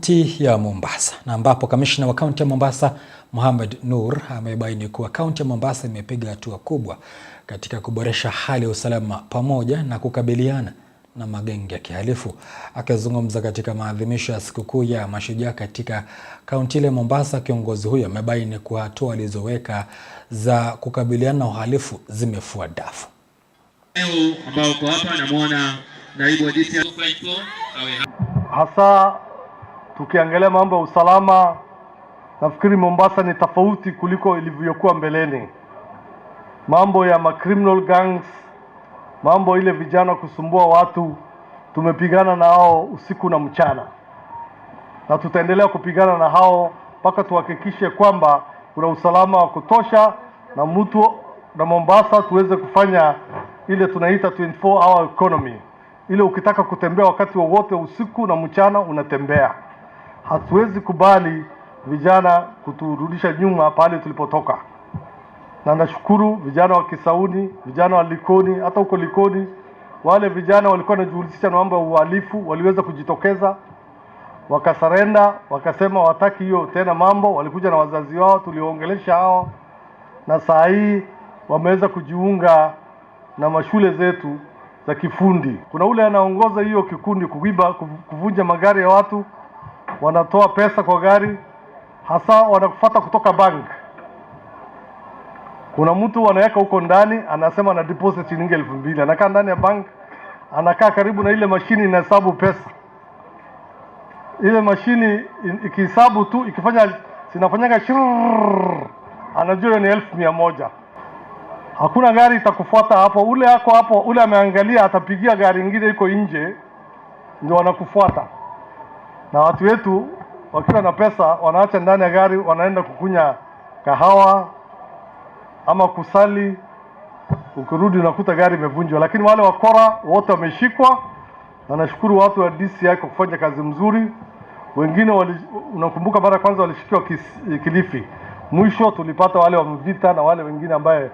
kaunti ya Mombasa na ambapo kamishna wa kaunti ya Mombasa Mohamed Nur amebaini kuwa kaunti ya Mombasa imepiga hatua kubwa katika kuboresha hali ya usalama pamoja na kukabiliana na magenge ya kihalifu. Akizungumza katika maadhimisho ya sikukuu ya Mashujaa katika kaunti ile Mombasa, kiongozi huyo amebaini kuwa hatua alizoweka za kukabiliana na uhalifu zimefua dafu. hasa Tukiangalia mambo ya usalama, nafikiri Mombasa ni tofauti kuliko ilivyokuwa mbeleni. Mambo ya macriminal gangs, mambo ile vijana kusumbua watu, tumepigana na hao usiku na mchana, na tutaendelea kupigana na hao mpaka tuhakikishe kwamba kuna usalama wa kutosha na mtu na Mombasa tuweze kufanya ile tunaita 24 hour economy, ile ukitaka kutembea wakati wowote wa usiku na mchana unatembea. Hatuwezi kubali vijana kuturudisha nyuma pale tulipotoka, na nashukuru vijana wa Kisauni, vijana wa Likoni, hata huko Likoni wale vijana walikuwa wanajihusisha na mambo ya uhalifu waliweza kujitokeza wakasarenda, wakasema wataki hiyo tena mambo. Walikuja na wazazi wao, tuliongelesha hao, na saa hii wameweza kujiunga na mashule zetu za kifundi. Kuna ule anaongoza hiyo kikundi kuiba, kuvunja magari ya watu wanatoa pesa kwa gari, hasa wanakufuata kutoka bank. Kuna mtu wanaweka huko ndani, anasema ana deposit shilingi elfu mbili anakaa ndani ya bank, anakaa karibu na ile mashini inahesabu pesa. Ile mashini ikihesabu tu, ikifanya zinafanyaga shirrrr, anajua ni elfu mia moja. Hakuna gari itakufuata hapo, ule ako hapo, ule ameangalia, atapigia gari ingine iko nje, ndio wanakufuata na watu wetu wakiwa na pesa wanaacha ndani ya gari, wanaenda kukunya kahawa ama kusali. Ukirudi unakuta gari imevunjwa. Lakini wale wakora wote wameshikwa, na nashukuru watu wa DCI kwa kufanya kazi mzuri. Wengine wali, unakumbuka mara ya kwanza walishikiwa Kilifi, mwisho tulipata wale wa Mvita na wale wengine ambaye